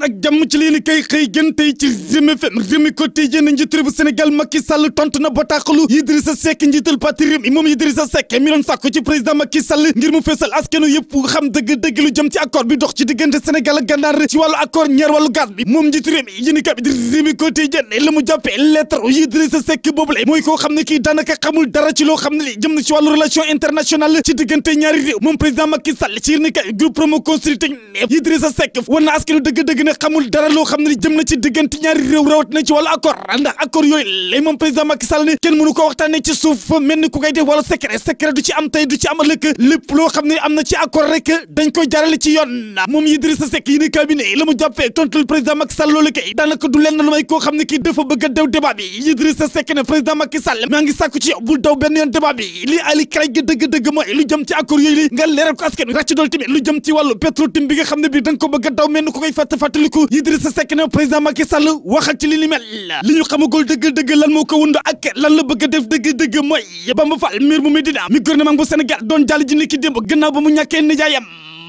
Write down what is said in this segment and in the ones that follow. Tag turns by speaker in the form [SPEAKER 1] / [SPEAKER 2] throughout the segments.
[SPEAKER 1] dalleen ak jàmm ci leen kay xëy gën tey ci Rewmi FM Rewmi Quotidien njiitu bu Sénégal Macky Sall tontu na bataaxalu Idrissa Seck njiital parti Rewmi moom Idrissa Seck mi doon sàkku ci président Macky ngir mu feesal askanu yëpp xam dëgg-dëgg lu jëm ci accord bi dox ci diggante Sénégal ak Gànnaar ci wàllu accord ñeer wàllu gaz bi moom njiitu Rewmi yéen kat bi Rewmi Quotidien la mu jàppee lettre Idrissa Seck boobu la mooy koo xam ne kii daanaka xamul dara ci loo xam ne xamul dara loo xam ne jëm na ci ñaari réew rawat na ci wàllu yooyu lay moom président Macky ne kenn mënu ko waxtaanee ci suuf mel ni koy def wala secret secret du ci am tey du ci am ëllëg lépp loo xam ne am na ci accord rek dañ koy jaarale ci yoon moom Idrissa Seck yi ni cabinet la mu jàppee tontul président Macky Sall loolu kay daanaka du lenn lu may koo xam ne kii dafa bëgg daw benn bi li Ali Kray ne bi dañ ko fàttaliku sa sekke na président Macky Sall waxal ci li ni mel li ñu xamagul dëgg-dëgg lan moo ko wund ak lan la bëgg a def dëgg-dëgg mooy Bamba Fall maire bu Médina mi gouvernement bu Sénégal doon jàll ji ni ki démb gannaaw ba mu ñàkkee nijaayam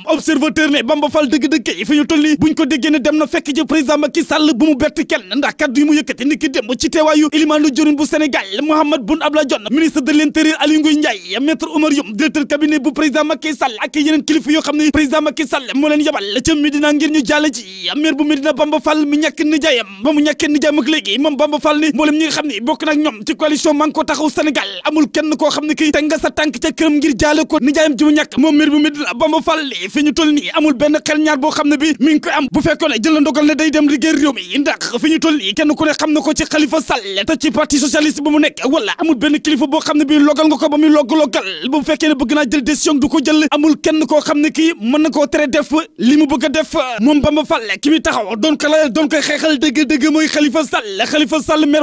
[SPEAKER 1] observateur ne Bamba Fall dëgg-dëgg kay fi ñu toll nii buñ ko déggee ne dem na fekk ji président Macky Sall bu mu bett kenn ndax kaddu yi mu yëkkati ni ki dem ci teewaayu ilimaanu jëriñ bu Sénégal Mouhamed Boun Abdallah Dionne ministre de l'intérieur Aly Ngouille Ndiaye maître Oumar Youm directeur cabinet bu président Macky Sall ak yeneen kilifa yoo xam ne président Macky Sall moo leen yabal ca Medina ngir ñu jàll ji maire bu Medina Bamba Fall mi ba mu ñàkkee nijaayam ne bokk nag ñoom ci coalition Manko Taxawu Sénégal koo xam ne kii teg nga sa tànk ca këram ngir jaale ko nijaayam ji mu ñàkk moom fi ñu toll nii amul benn xel ñaar boo xam ne bi mi ngi koy am bu fekkoon jël na ndogal ne day dem liggéey réew mi ndax fi ñu toll nii kenn ku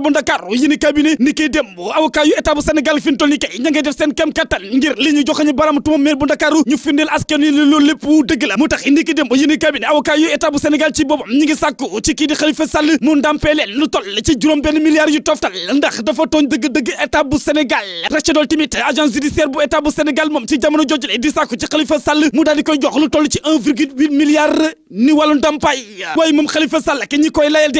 [SPEAKER 1] ni cabinet ni ngir li ñu joxe ñu baram tuma maire bu Dakar ñu firndeel askan yi loolu pour dëgg la mu tax indi ki dem yéen cabinet avocat yu état bu Sénégal ci boppam ñi ngi sàkku ci kii di Khalifa Sall mu ndàmpee leen lu toll ci juróom benn milliards yu toftal ndax dafa tooñ dëgg-dëgg état bu Sénégal racca dool tamit agence judiciaire bu état bu Sénégal moom ci jamono jooju le di sàkku ci Khalifa Sall mu daal di koy jox lu toll ci 1,8 milliard ni wàllu ndàmpaay waaye moom Khalifa Sall ki ñi koy layal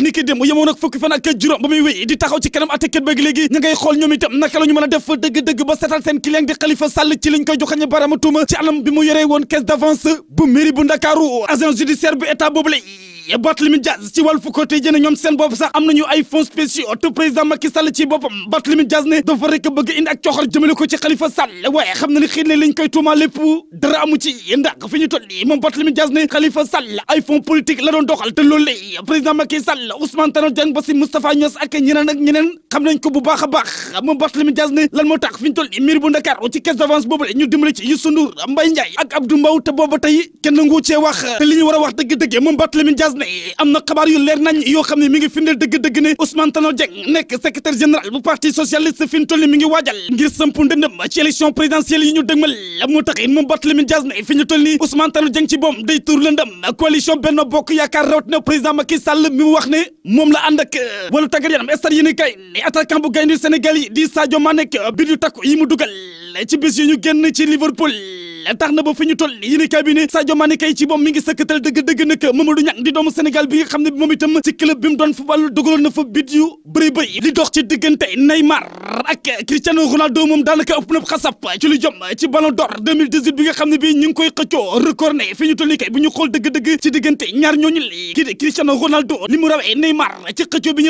[SPEAKER 1] ni ki dem yemoon ak fukki fan ak juróom ba muy wéy di taxaw ci kanam atekat bëgg léegi ña ngay xool ñoom naka la ñu mën a def dëgg-dëgg ba setal seen client di ci liñ koy joxañe baaraama tuuma anam bi mu yoree caisse d'avance bu mairie bu Ndakaaru agence judiciaire bu état boobu Barthélémy Dias ci Walf Quotidien ñoom seen bopp sax am nañu ay fonds spéciaux te président Macky Sall ci boppam Barthélémy Dias ne dafa rek bëgg indi ak coxor jëmale ko ci Khalifa Sall waaye xam na moom Barthélémy Dias ne Khalifa Sall la doon doxal te loolu lay président Macky Sall Ousmane Tanor Dieng ba si Moustapha Niass ak ñeneen xam nañ ko bu baax a baax moom Barthélémy ne lan moo tax fi ñu toll nii mairie bu Dakar ci caisse d'avance la ñu dimbali ci Youssou Ndour Mbaye Ndiaye ak Abdou Mbow te las ne am na xabaar yu leer nañ yoo xam ne mi ngi firndeel dëgg-dëgg ne Ousmane Tanor Dieng nekk secrétaire général bu parti socialiste fi mu toll mi ngi waajal ngir samp ndëndëm ci élection présidentielle yi ñu dëgmal moo tax it moom Barthélémy Dias ne fi ñu toll nii Ousmane Tanor Dieng ci boom day tuur lëndëm coalition Benno Bokk Yaakaar rawatina président Macky Sall mi wax ne moom la ànd ak euh, wàllu tàggat yaram stade kay attaquant bu gaynde Sénégal du takku yi tax na ba fi ñu toll yéen cabinet Sadio Mané kay ci moom mi ngi sëkkatal dëgg-dëgg nag Mamadou Niang di doomu Sénégal bi nga xam ne bi moom mu doon football dugaloon na fa bit yu bëri bëri li dox ci diggante Neymar ak Cristiano Ronaldo moom daanaka ëpp na xasab ci lu jom ci Ballon d'Or 2018 bi nga xam ne bii ñu ngi koy xëccoo record ne fi ñu kay bu ñu xool dëgg-dëgg ci diggante ñaar ñooñu li kii di Cristiano Ronaldo li mu Neymar ci xëccoo